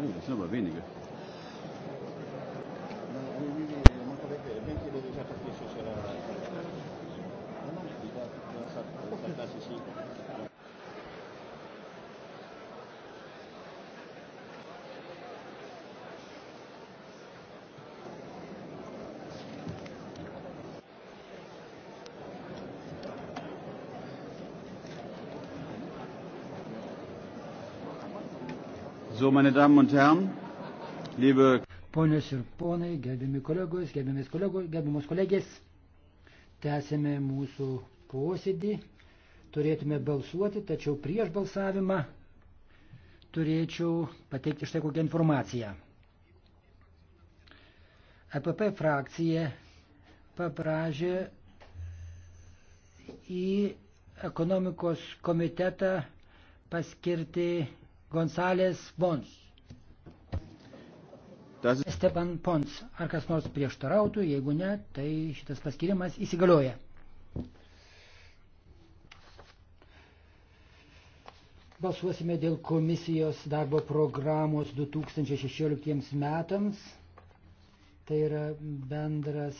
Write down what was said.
Oh, das sind aber wenige. So, meine Damen und Herren, liebe Ponios ir ponai, gerbiami kolegos, gerbiamis kolegos, gerbiamos kolegės, tęsėme mūsų posėdį, turėtume balsuoti, tačiau prieš balsavimą turėčiau pateikti štai kokią informaciją. EPP frakcija paprašė į ekonomikos komitetą paskirti Gonzalės Bons. Das... Esteban Pons. Ar kas nors prieštarautų, jeigu ne, tai šitas paskirimas įsigalioja. Balsuosime dėl komisijos darbo programos 2016 metams. Tai yra bendras